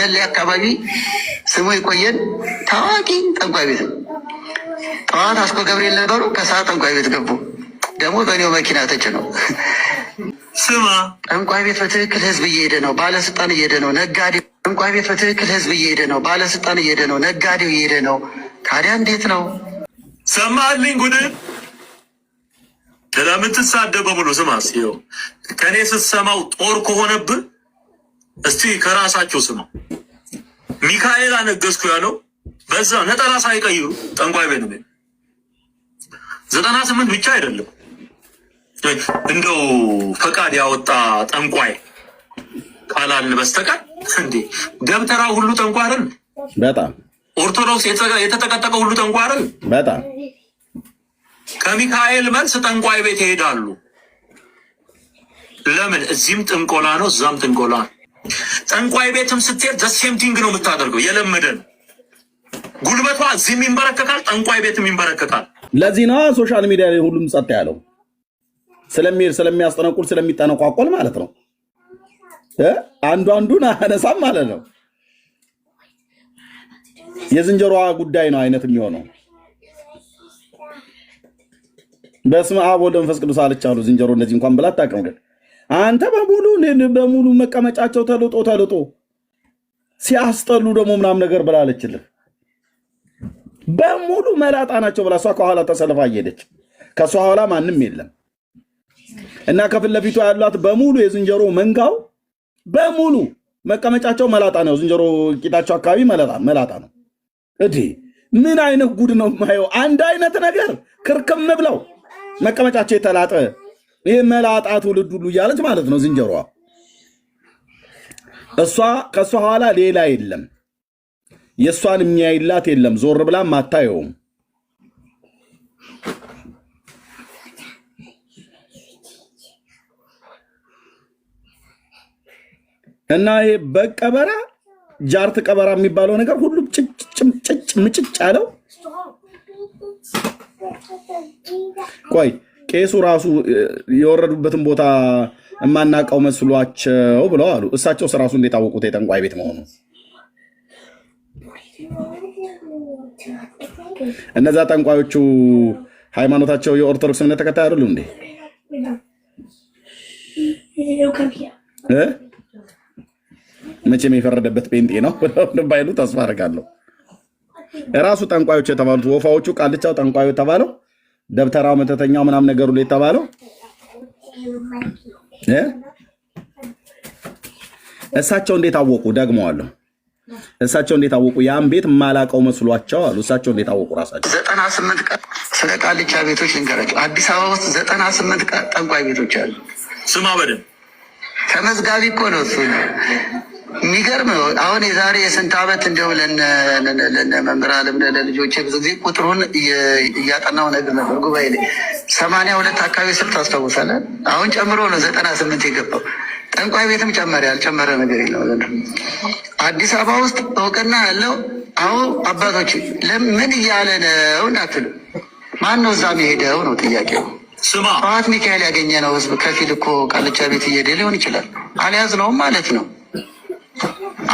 ደሌ አካባቢ ስሙ ይቆየን ታዋቂ ጠንቋይ ቤት ነው። ጠዋት አስኮ ገብርኤል ነበሩ፣ ከሰዓት ጠንቋይ ቤት ገቡ። ደግሞ በእኔው መኪና ተች ነው ስማ ጠንቋይ ቤት በትክክል ህዝብ እየሄደ ነው፣ ባለስልጣን እየሄደ ነው፣ ነጋዴው ጠንቋይ ቤት በትክክል ህዝብ እየሄደ ነው፣ ባለስልጣን እየሄደ ነው፣ ነጋዴው እየሄደ ነው። ታዲያ እንዴት ነው ሰማልኝ ጉድ ስለምትሳደበው ብሎ ስማ፣ ከእኔ ስትሰማው ጦር ከሆነብህ እስቲ ከራሳቸው ስማ። ሚካኤል አነገስኩ ያለው በዛ ነጠላ ሳይቀይሩ ጠንቋይ ቤት ነው። ዘጠና ስምንት ብቻ አይደለም እንደው ፈቃድ ያወጣ ጠንቋይ ካላልን በስተቀር እንዴ ደብተራ ሁሉ ጠንቋይ አይደል? በጣም ኦርቶዶክስ የተጠቀጠቀ ሁሉ ጠንቋይ አይደል? በጣም ከሚካኤል መልስ ጠንቋይ ቤት ይሄዳሉ። ለምን? እዚህም ጥንቆላ ነው፣ እዛም ጥንቆላ ነው። ጠንቋይ ቤትም ስትሄድ ዘሴም ቲንግ ነው የምታደርገው። የለመደ ነው። ጉልበቷ እዚህም ይንበረከካል፣ ጠንቋይ ቤትም ይንበረከካል። ለዚህ ነዋ ሶሻል ሚዲያ ላይ ሁሉም ጸጥ ያለው ስለሚሄድ ስለሚያስጠነቁል ስለሚጠነቋቆል ማለት ነው። አንዱ አንዱን አነሳም ማለት ነው። የዝንጀሮዋ ጉዳይ ነው አይነት የሚሆነው በስመ አብ ወወልድ ወመንፈስ ቅዱስ አለች አሉ። ዝንጀሮ እንደዚህ እንኳን ብላ አታውቅም ግን አንተ በሙሉ በሙሉ መቀመጫቸው ተልጦ ተልጦ ሲያስጠሉ ደግሞ ምናምን ነገር ብላለችልህ። በሙሉ መላጣ ናቸው ብላ እሷ ከኋላ ተሰልፋ እየሄደች ከእሷ ኋላ ማንም የለም እና ከፊት ለፊቷ ያሏት በሙሉ የዝንጀሮ መንጋው በሙሉ መቀመጫቸው መላጣ ነው። ዝንጀሮ ቂጣቸው አካባቢ መላጣ ነው። እዲ ምን አይነት ጉድ ነው የማየው? አንድ አይነት ነገር ክርክም ብለው መቀመጫቸው የተላጠ ይህ መላጣ ትውልድ ሁሉ እያለች ማለት ነው ዝንጀሯ። እሷ ከእሷ ኋላ ሌላ የለም፣ የእሷን የሚያይላት የለም። ዞር ብላም አታየውም። እና ይሄ በቀበራ ቀበራ ጃርት ቀበራ የሚባለው ነገር ሁሉም ጭጭ ምጭጭ አለው ቆይ ቄሱ ራሱ የወረዱበትን ቦታ የማናውቀው መስሏቸው ብለው አሉ። እሳቸው ራሱ እንዴት አወቁት የጠንቋይ ቤት መሆኑ? እነዛ ጠንቋዮቹ ሃይማኖታቸው የኦርቶዶክስ እምነት ተከታይ አይደሉ እንዴ? መቼም የፈረደበት ጴንጤ ነው ባይሉ ተስፋ አደርጋለሁ። ራሱ ጠንቋዮች የተባሉት ወፋዎቹ ቃልቻው ጠንቋዮ የተባለው ደብተራው መተተኛው ምናም ነገሩ ላይ የተባለው እሳቸው እንዴት አወቁ? ደግመዋለሁ። እሳቸው እንዴት አወቁ? ያን ቤት ማላቀው መስሏቸው አሉ። እሳቸው እንዴት አወቁ? ራሳቸው ዘጠና ስምንት ቀን ስለ ቃልቻ ቤቶች ልንገራቸው። አዲስ አበባ ውስጥ ዘጠና ስምንት ቀን ጠንቋይ ቤቶች አሉ። ስማ በደንብ ተመዝጋቢ እኮ ነው እሱ የሚገርም አሁን የዛሬ የስንት ዓመት እንዲሁም ለነ አለም ለልጆች ብዙ ጊዜ ቁጥሩን እያጠናው ነግር ነበር ጉባኤ ላይ ሰማንያ ሁለት አካባቢ ስር ታስታውሳለን። አሁን ጨምሮ ነው ዘጠና ስምንት የገባው ጠንቋይ ቤትም ጨመረ ያልጨመረ ነገር የለም። አዲስ አበባ ውስጥ እውቅና ያለው አሁን አባቶች ለምን እያለ ነው እንዳትሉ፣ ማን ነው እዛ የሄደው ነው ጥያቄው። ጠዋት ሚካኤል ያገኘ ነው ህዝብ ከፊል እኮ ቃልቻ ቤት እየሄደ ሊሆን ይችላል። አልያዝ ነውም ማለት ነው።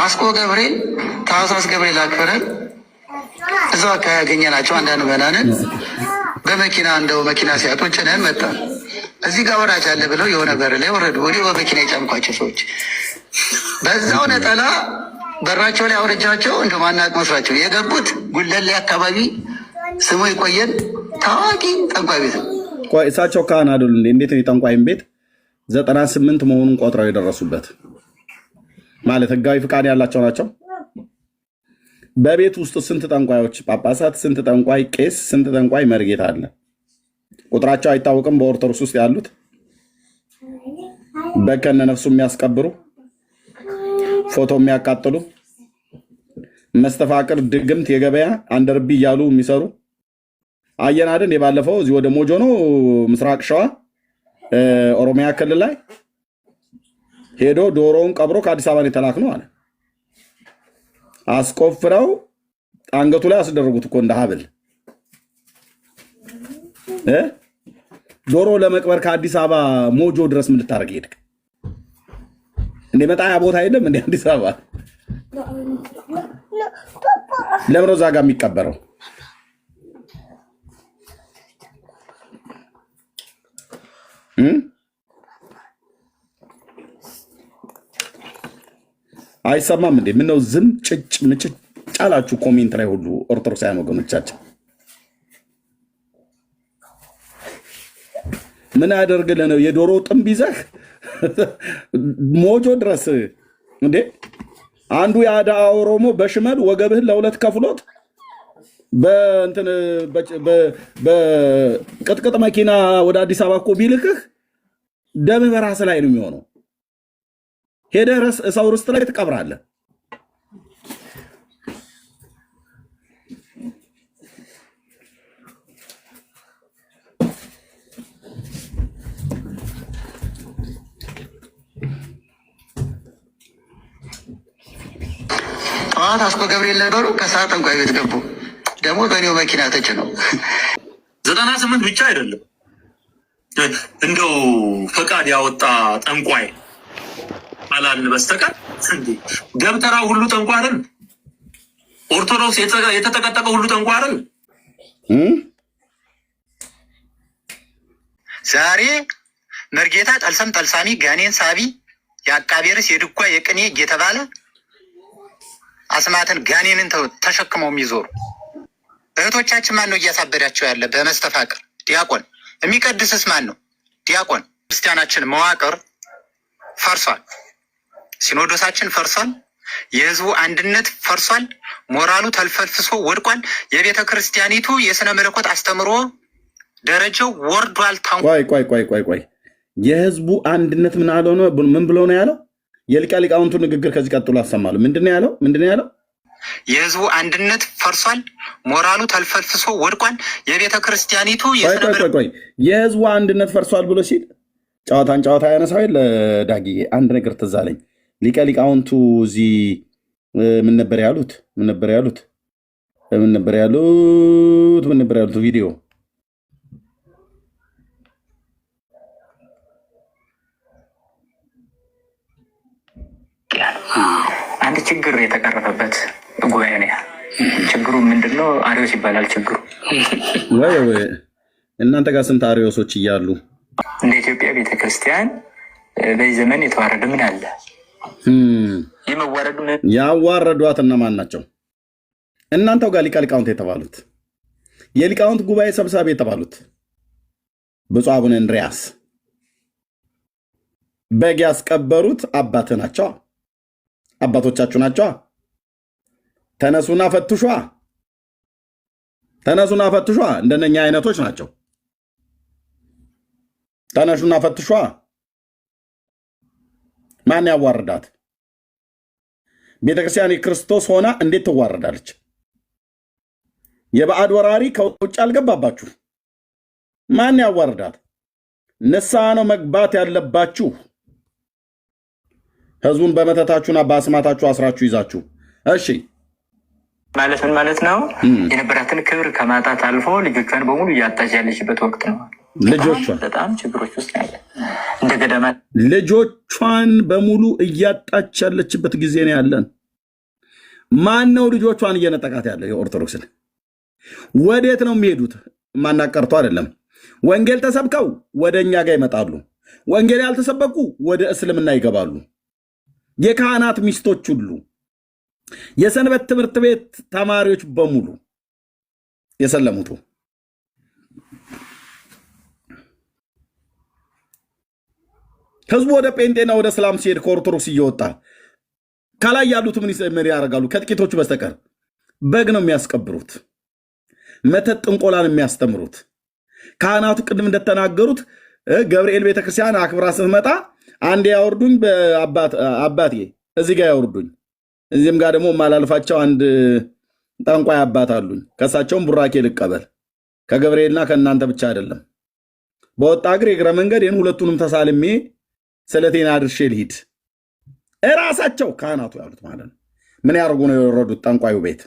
አስቆ ገብርኤል፣ ታህሳስ ገብርኤል አክፈረን እዛው አካባቢ ያገኘናቸው አንዳንድ መናንን በመኪና እንደው መኪና ሲያጡ ጭነን መጣ። እዚህ ጋር ወራጅ አለ ብለው የሆነ በር ላይ ወረዱ። ወዲ በመኪና የጫንኳቸው ሰዎች በዛው ነጠላ በራቸው ላይ አውረጃቸው እንደ ማናቅ መስሏቸው የገቡት ጉለሌ አካባቢ ስሙ ይቆየን ታዋቂ ጠንቋይ ቤት ነው። እሳቸው ካህን አይደሉ? እንዴት ነው የጠንቋይን ቤት ዘጠና ስምንት መሆኑን ቆጥረው የደረሱበት ማለት ህጋዊ ፍቃድ ያላቸው ናቸው። በቤት ውስጥ ስንት ጠንቋዮች፣ ጳጳሳት፣ ስንት ጠንቋይ ቄስ፣ ስንት ጠንቋይ መርጌታ አለ? ቁጥራቸው አይታወቅም። በኦርቶዶክስ ውስጥ ያሉት በከነ ነፍሱ የሚያስቀብሩ ፎቶ የሚያቃጥሉ መስተፋቅር፣ ድግምት፣ የገበያ አንደርቢ እያሉ የሚሰሩ አየን አይደል? የባለፈው እዚህ ወደ ሞጆ ነው ምስራቅ ሸዋ ኦሮሚያ ክልል ላይ ሄዶ ዶሮውን ቀብሮ ከአዲስ አበባ ነው የተላክ ነው አለ። አስቆፍረው አንገቱ ላይ አስደረጉት እኮ እንደ ሀብል ዶሮ ለመቅበር ከአዲስ አበባ ሞጆ ድረስ ምን ልታደርግ ሄድክ? እንደ መጣያ ቦታ የለም እንደ አዲስ አበባ ለምሮ እዛ ጋር የሚቀበረው አይሰማም እንዴ? ምነው ዝም ጭጭ ምጭጭ አላችሁ? ኮሜንት ላይ ሁሉ ኦርቶዶክሳውያን ወገኖቻችን ምን ያደርግልህ ነው? የዶሮ ጥምብ ይዘህ ሞጆ ድረስ እንዴ? አንዱ የአዳ ኦሮሞ በሽመል ወገብህን ለሁለት ከፍሎት በቅጥቅጥ መኪና ወደ አዲስ አበባ እኮ ቢልክህ ደምህ በራስህ ላይ ነው የሚሆነው። ሄደህ ሰው ርስት ላይ ትቀብራለህ። ጠዋት አስኮ ገብርኤል ነበሩ። ከሰዓት ጠንቋይ ቤት ገቡ። ደግሞ በእኔው መኪና ነው ዘጠና ስምንት ብቻ አይደለም እንደው ፈቃድ ያወጣ ጠንቋይ ካላልን በስተቀር እንዴ ደብተራው ሁሉ ጠንቋርን ኦርቶዶክስ የተጠቀጠቀ ሁሉ ጠንቋርን ዛሬ መርጌታ ጠልሰም ጠልሳሚ ጋኔን ሳቢ የአቃቤርስ የድጓ የቅኔ እየተባለ አስማትን ጋኔንን ተሸክመው የሚዞሩ እህቶቻችን ማን ነው እያሳበዳቸው ያለ? በመስተፋቅር ዲያቆን የሚቀድስስ ማን ነው? ዲያቆን ክርስቲያናችን መዋቅር ፈርሷል። ሲኖዶሳችን ፈርሷል። የህዝቡ አንድነት ፈርሷል። ሞራሉ ተልፈልፍሶ ወድቋል። የቤተ ክርስቲያኒቱ የስነ መለኮት አስተምሮ ደረጃው ወርዷል። ታንኳ የህዝቡ አንድነት ምን ነው? ምን ብሎ ነው ያለው? የልቃ ሊቃውንቱ ንግግር ከዚህ ቀጥሎ አሰማለሁ። ምንድነው ያለው? ምንድነው ያለው? የህዝቡ አንድነት ፈርሷል። ሞራሉ ተልፈልፍሶ ወድቋል። የቤተ ክርስቲያኒቱ የህዝቡ አንድነት ፈርሷል ብሎ ሲል ጨዋታን ጨዋታ ያነሳዊ ለዳጊ አንድ ነገር ትዝ አለኝ። ሊቀ ሊቃውንቱ እዚህ ምን ነበር ያሉት? ምን ነበር ያሉት? ምን ነበር ያሉት? ምን ነበር ያሉት? ቪዲዮ አንድ ችግር የተቀረፈበት ጉባኤ ነው። ችግሩ ምንድነው? አሪዎስ ይባላል ችግሩ። ወይ ወይ እናንተ ጋር ስንት አሪዎሶች እያሉ እንደ ኢትዮጵያ ቤተክርስቲያን በዚህ ዘመን የተዋረደ ምን አለ? የመዋረዱን ያዋረዷት እነማን ናቸው? እናንተው ጋር ሊቀ ሊቃውንት የተባሉት የሊቃውንት ጉባኤ ሰብሳቢ የተባሉት ብፁ አቡነ እንድርያስ በግ ያስቀበሩት አባት ናቸው፣ አባቶቻችሁ ናቸው። ተነሱና ፈትሿ፣ ተነሱና ፈትሿ። እንደነኛ አይነቶች ናቸው። ተነሱና ፈትሿ። ማን ያዋርዳት? ቤተክርስቲያን የክርስቶስ ሆና እንዴት ትዋረዳለች? የባዕድ ወራሪ ከውጭ አልገባባችሁ። ማን ያዋርዳት? ንስሐ ነው መግባት ያለባችሁ። ህዝቡን በመተታችሁና በአስማታችሁ አስራችሁ ይዛችሁ። እሺ ማለት ምን ማለት ነው? የነበራትን ክብር ከማጣት አልፎ ልጆቿን በሙሉ እያጣች ያለችበት ወቅት ነው። ልጆቿን በጣም ችግሮች ውስጥ ያለ ልጆቿን በሙሉ እያጣች ያለችበት ጊዜ ነው ያለን። ማን ነው ልጆቿን እየነጠቃት ያለ? የኦርቶዶክስን ወዴት ነው የሚሄዱት? ማናቀርቶ አይደለም። ወንጌል ተሰብከው ወደ እኛ ጋር ይመጣሉ። ወንጌል ያልተሰበኩ ወደ እስልምና ይገባሉ። የካህናት ሚስቶች ሁሉ፣ የሰንበት ትምህርት ቤት ተማሪዎች በሙሉ የሰለሙቱ ህዝቡ ወደ ጴንጤና ወደ እስላም ሲሄድ ከኦርቶዶክስ እየወጣ ከላይ ያሉት ምን ያደርጋሉ? ከጥቂቶቹ በስተቀር በግ ነው የሚያስቀብሩት፣ መተት ጥንቆላን የሚያስተምሩት ካህናቱ ቅድም እንደተናገሩት ገብርኤል ቤተክርስቲያን አክብራ ስትመጣ አንዴ ያወርዱኝ አባቴ እዚህ ጋር ያወርዱኝ፣ እዚህም ጋር ደግሞ ማላልፋቸው አንድ ጠንቋይ አባት አሉኝ። ከእሳቸውም ቡራኬ ልቀበል ከገብርኤልና ከእናንተ ብቻ አይደለም። በወጣ እግር የእግረ ይህን ሁለቱንም ተሳልሜ ስለቴን አድርሼ ልሂድ። እራሳቸው ካህናቱ ያሉት ማለት ነው። ምን ያደርጉ ነው የወረዱት? ጠንቋዩ ቤት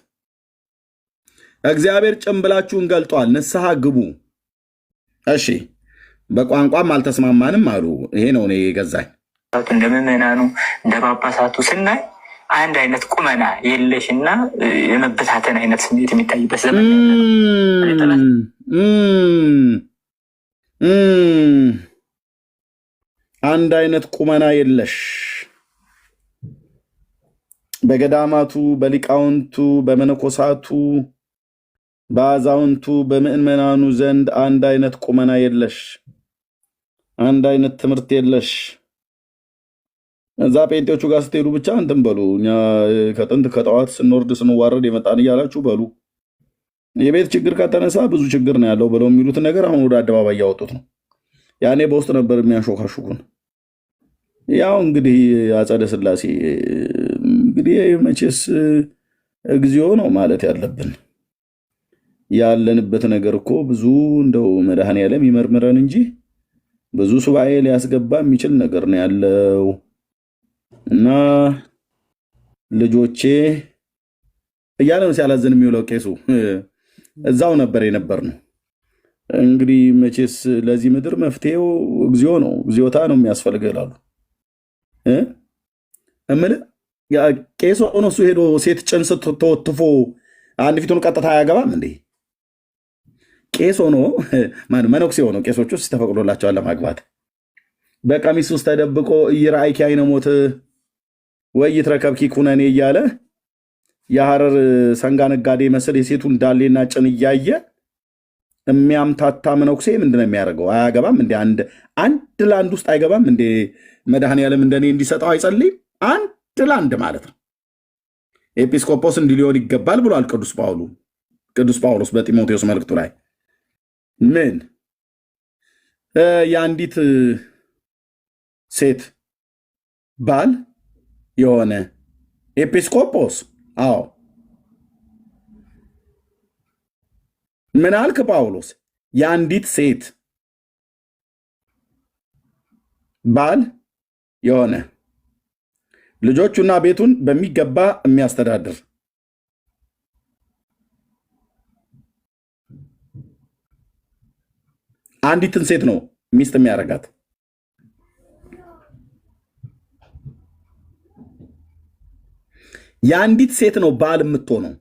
እግዚአብሔር ጭንብላችሁን ገልጧል፣ ንስሐ ግቡ። እሺ፣ በቋንቋም አልተስማማንም አሉ። ይሄ ነው እኔ የገዛኝ። እንደ ምዕመናኑ እንደ ጳጳሳቱ ስናይ አንድ አይነት ቁመና የለሽ እና የመበታተን አይነት ስሜት የሚታይበት ዘመን አንድ አይነት ቁመና የለሽ በገዳማቱ በሊቃውንቱ በመነኮሳቱ በአዛውንቱ በምእመናኑ ዘንድ አንድ አይነት ቁመና የለሽ አንድ አይነት ትምህርት የለሽ። እዛ ጴንጤዎቹ ጋር ስትሄዱ ብቻ እንትን በሉ፣ እኛ ከጥንት ከጠዋት ስንወርድ ስንዋረድ የመጣን እያላችሁ በሉ። የቤት ችግር ከተነሳ ብዙ ችግር ነው ያለው ብለው የሚሉትን ነገር አሁን ወደ አደባባይ እያወጡት ነው። ያኔ በውስጥ ነበር የሚያሾካሹኩን። ያው እንግዲህ አጸደ ስላሴ እንግዲህ መቼስ እግዚኦ ነው ማለት ያለብን። ያለንበት ነገር እኮ ብዙ እንደው መድኃኔዓለም ይመርምረን እንጂ ብዙ ሱባኤ ሊያስገባ የሚችል ነገር ነው ያለው እና ልጆቼ እያለ ነው ሲያላዝን የሚውለው ቄሱ። እዛው ነበር የነበር ነው እንግዲህ መቼስ ለዚህ ምድር መፍትሄው እግዚኦ ነው፣ እግዚኦታ ነው የሚያስፈልገ ይላሉ። እምልህ ቄሶ ሆኖ እሱ ሄዶ ሴት ጭንስ ተወትፎ አንድ ፊቱን ቀጥታ አያገባም እንዴ? ቄስ ሆኖ መነኩሴ ሆኖ ቄሶች ውስጥ ተፈቅዶላቸዋል ለማግባት በቀሚስ ውስጥ ተደብቆ እይራአይኪ አይነ ሞት ወይ ይትረከብኪ ኩነኔ እያለ የሐረር ሰንጋ ነጋዴ መስል የሴቱን ዳሌና ጭን እያየ የሚያምታታ መነኩሴ ምንድነው የሚያደርገው? አያገባም እንደ አንድ ለአንድ ውስጥ አይገባም እንደ መድኃኔዓለም እንደኔ እንዲሰጠው አይጸልይም። አንድ ለአንድ ማለት ነው። ኤጲስቆጶስ እንዲህ ሊሆን ይገባል ብሏል ቅዱስ ጳውሉ ቅዱስ ጳውሎስ በጢሞቴዎስ መልእክቱ ላይ ምን የአንዲት ሴት ባል የሆነ ኤጲስቆጶስ አዎ ምን አልክ ጳውሎስ? የአንዲት ሴት ባል የሆነ ልጆቹና ቤቱን በሚገባ የሚያስተዳድር አንዲትን ሴት ነው ሚስት የሚያደርጋት። የአንዲት ሴት ነው ባል የምትሆነው።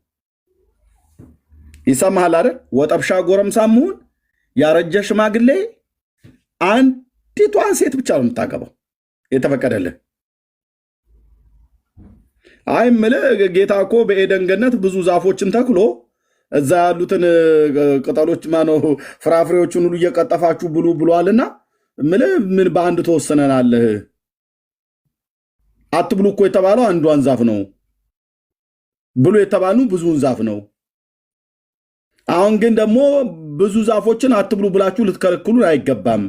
ይሰማሃል አይደል? ወጠብሻ ጎረምሳ መሆን ያረጀ ሽማግሌ አንዲቷን ሴት ብቻ ነው የምታገባው የተፈቀደልህ። አይ እምልህ ጌታ እኮ በኤደን ገነት ብዙ ዛፎችን ተክሎ እዛ ያሉትን ቅጠሎች ማነው ፍራፍሬዎችን ሁሉ እየቀጠፋችሁ ብሉ ብሏልና እምልህ ምን በአንድ ተወሰነናለህ? አትብሉ እኮ የተባለው አንዷን ዛፍ ነው ብሉ የተባሉ ብዙውን ዛፍ ነው አሁን ግን ደግሞ ብዙ ዛፎችን አትብሉ ብላችሁ ልትከለክሉን አይገባም።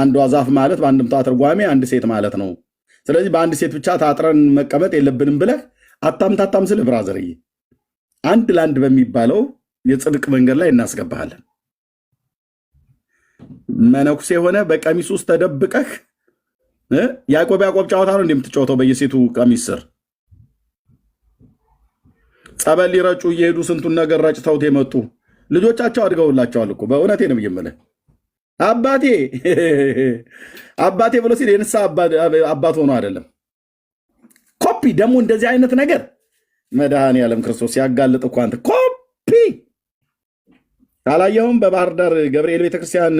አንዷ ዛፍ ማለት በአንድምታ ትርጓሜ አንድ ሴት ማለት ነው። ስለዚህ በአንድ ሴት ብቻ ታጥረን መቀመጥ የለብንም ብለህ አታምታታም ስል ብራዘርዬ፣ አንድ ለአንድ በሚባለው የጽድቅ መንገድ ላይ እናስገባሃለን። መነኩሴ የሆነ በቀሚስ ውስጥ ተደብቀህ ያዕቆብ ያዕቆብ ጨዋታ ነው እንደምትጫወተው በየሴቱ ቀሚስ ስር ጸበል ሊረጩ እየሄዱ ስንቱን ነገር ረጭተውት የመጡ ልጆቻቸው አድገውላቸዋል እኮ በእውነቴ ነው የምልህ። አባቴ አባቴ ብሎ ሲል የንሳ አባት ሆኖ አይደለም። ኮፒ ደግሞ እንደዚህ አይነት ነገር መድኃኔዓለም ክርስቶስ ሲያጋልጥ እኮ አንተ ኮፒ አላየሁም። በባህር ዳር ገብርኤል ቤተክርስቲያን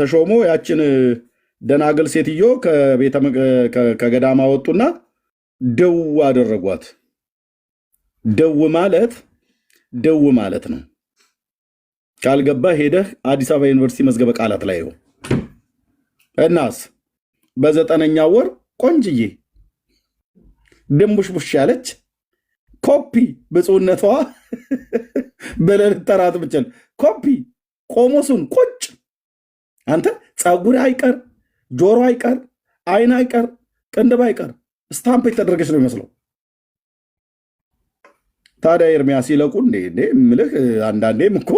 ተሾሞ ያችን ደናግል ሴትዮ ከገዳማ ወጡና ደው አደረጓት። ደው ማለት ደው ማለት ነው። ካልገባ ሄደህ አዲስ አበባ ዩኒቨርሲቲ መዝገበ ቃላት ላይ ይሁን። እናስ በዘጠነኛ ወር ቆንጅዬ ድንቡሽቡሽ ያለች ኮፒ ብፁዕነቷ በለልት ተራት ብችል ኮፒ ቆሞሱን ቁጭ አንተ ፀጉር አይቀር ጆሮ አይቀር አይን አይቀር ቅንድብ አይቀር ስታምፕ የተደረገች ነው ይመስለው። ታዲያ ኤርሚያስ ይለቁ እንዴ እንዴ ምልህ አንዳንዴም እኮ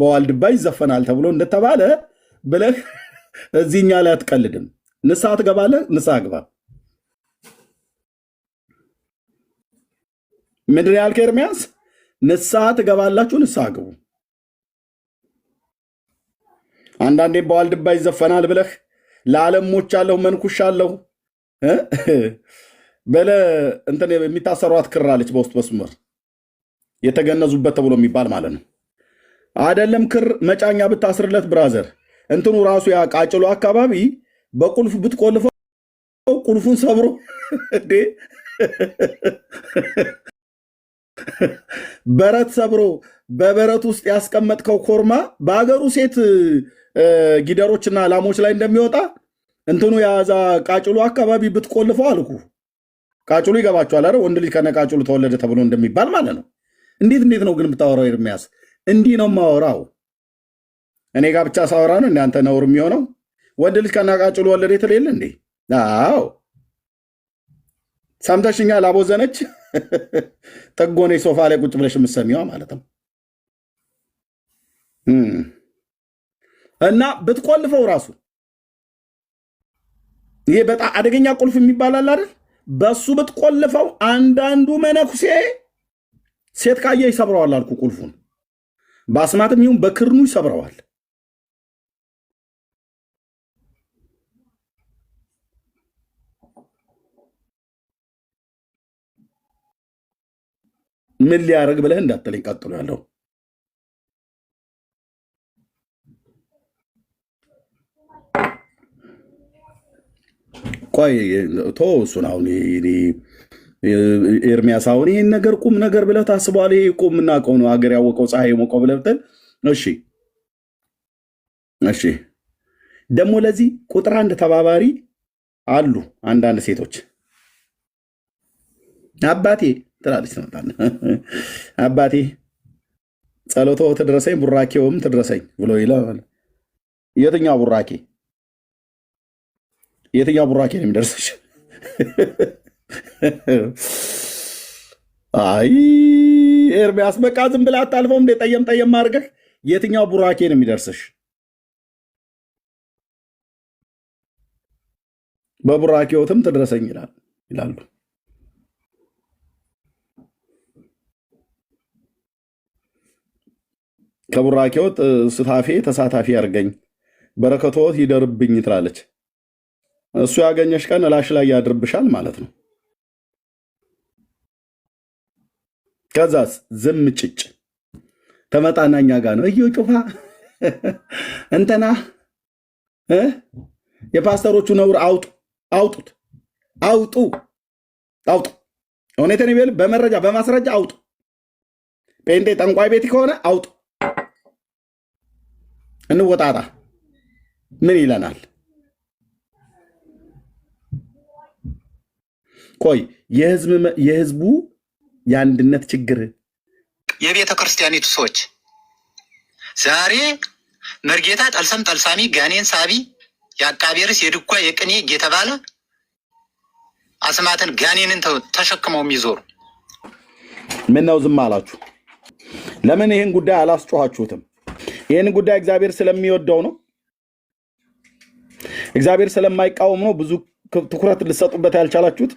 በዋልድባ ይዘፈናል ተብሎ እንደተባለ ብለህ እዚህኛ ላይ አትቀልድም። ንስሐ ትገባለህ፣ ንስሐ ግባ። ምድር ያልከ ኤርሚያስ? ንስሐ ትገባላችሁ፣ ንስሐ ግቡ። አንዳንዴም በዋልድባ ይዘፈናል ብለህ ለዓለም ሞቻለሁ መንኩሻለሁ በለ እንትን የሚታሰሯት ክራለች በውስጥ መስመር የተገነዙበት ተብሎ የሚባል ማለት ነው። አይደለም ክር መጫኛ ብታስርለት ብራዘር እንትኑ ራሱ ያ ቃጭሎ አካባቢ በቁልፍ ብትቆልፈው ቁልፉን ሰብሮ እንዴ በረት ሰብሮ በበረት ውስጥ ያስቀመጥከው ኮርማ በሀገሩ ሴት ጊደሮችና ላሞች ላይ እንደሚወጣ እንትኑ የያዛ ቃጭሉ አካባቢ ብትቆልፈው አልኩ። ቃጭሉ ይገባችኋል። ወንድ ልጅ ከነ ቃጭሉ ተወለደ ተብሎ እንደሚባል ማለት ነው። እንዴት እንዴት ነው ግን የምታወራው? ኤርሚያስ እንዲህ ነው ማወራው። እኔ ጋር ብቻ ሳወራ ነው እናንተ ነውር የሚሆነው። ወንድ ልጅ ከናቃጭሉ ወለደ የተለየለ እንዴ? አዎ ሰምተሽኛ። ላቦዘነች ጠጎኔ ሶፋ ላይ ቁጭ ብለሽ የምትሰሚዋ ማለት ነው። እና ብትቆልፈው ራሱ ይሄ በጣም አደገኛ ቁልፍ የሚባል አለ አይደል? በሱ ብትቆልፈው አንዳንዱ መነኩሴ ሴት ካየ ይሰብረዋል አልኩ። ቁልፉን በአስማትም ይሁን በክርኑ ይሰብረዋል። ምን ሊያደርግ ብለህ እንዳትለኝ ቀጥሎ ያለው ቆይ ቶ እሱን አሁን ኤርሚያስ አሁን ይህን ነገር ቁም ነገር ብለህ ታስበዋል? ይሄ እኮ የምናውቀው ነው። ሀገር ያወቀው ፀሐይ የሞቀው ብለህ ብትል እሺ፣ እሺ። ደግሞ ለዚህ ቁጥር አንድ ተባባሪ አሉ አንዳንድ ሴቶች አባቴ ትላለች ትመጣለህ። አባቴ ጸሎቶ ትድረሰኝ ቡራኬውም ትድረሰኝ ብሎ ይላል። የትኛው ቡራኬ? የትኛው ቡራኬ ነው የሚደርሰች? አይ ኤርሚያስ በቃ ዝም ብላ አታልፈውም እንዴ? ጠየም ጠየም አድርገህ የትኛው ቡራኬ ነው የሚደርስሽ? በቡራኬዎትም ትድረሰኝ ይላል ይላሉ። ከቡራኬዎት ስታፌ ተሳታፊ ያርገኝ በረከቶት ይደርብኝ ትላለች። እሱ ያገኘሽ ቀን እላሽ ላይ ያድርብሻል ማለት ነው። ከዛስ ዝም ጭጭ ተመጣና እኛ ነው እዩ ጩፋ እንተና የፓስተሮቹ ነውር አውጡ፣ አውጡት፣ አውጡ፣ አውጡ። እውነቴን ይበል በመረጃ በማስረጃ አውጡ። ጴንጤ ጠንቋይ ቤት ከሆነ አውጡ። እንወጣጣ ምን ይለናል? ቆይ የህዝቡ የአንድነት ችግር የቤተ ክርስቲያኒቱ ሰዎች ዛሬ መርጌታ ጠልሰም ጠልሳሚ ጋኔን ሳቢ የአቃቤርስ የድጓ የቅኔ እየተባለ አስማትን ጋኔንን ተሸክመው የሚዞሩ ነው ዝም አላችሁ? ለምን ይህን ጉዳይ አላስጮኋችሁትም? ይህን ጉዳይ እግዚአብሔር ስለሚወደው ነው። እግዚአብሔር ስለማይቃወም ነው። ብዙ ትኩረት ልሰጡበት ያልቻላችሁት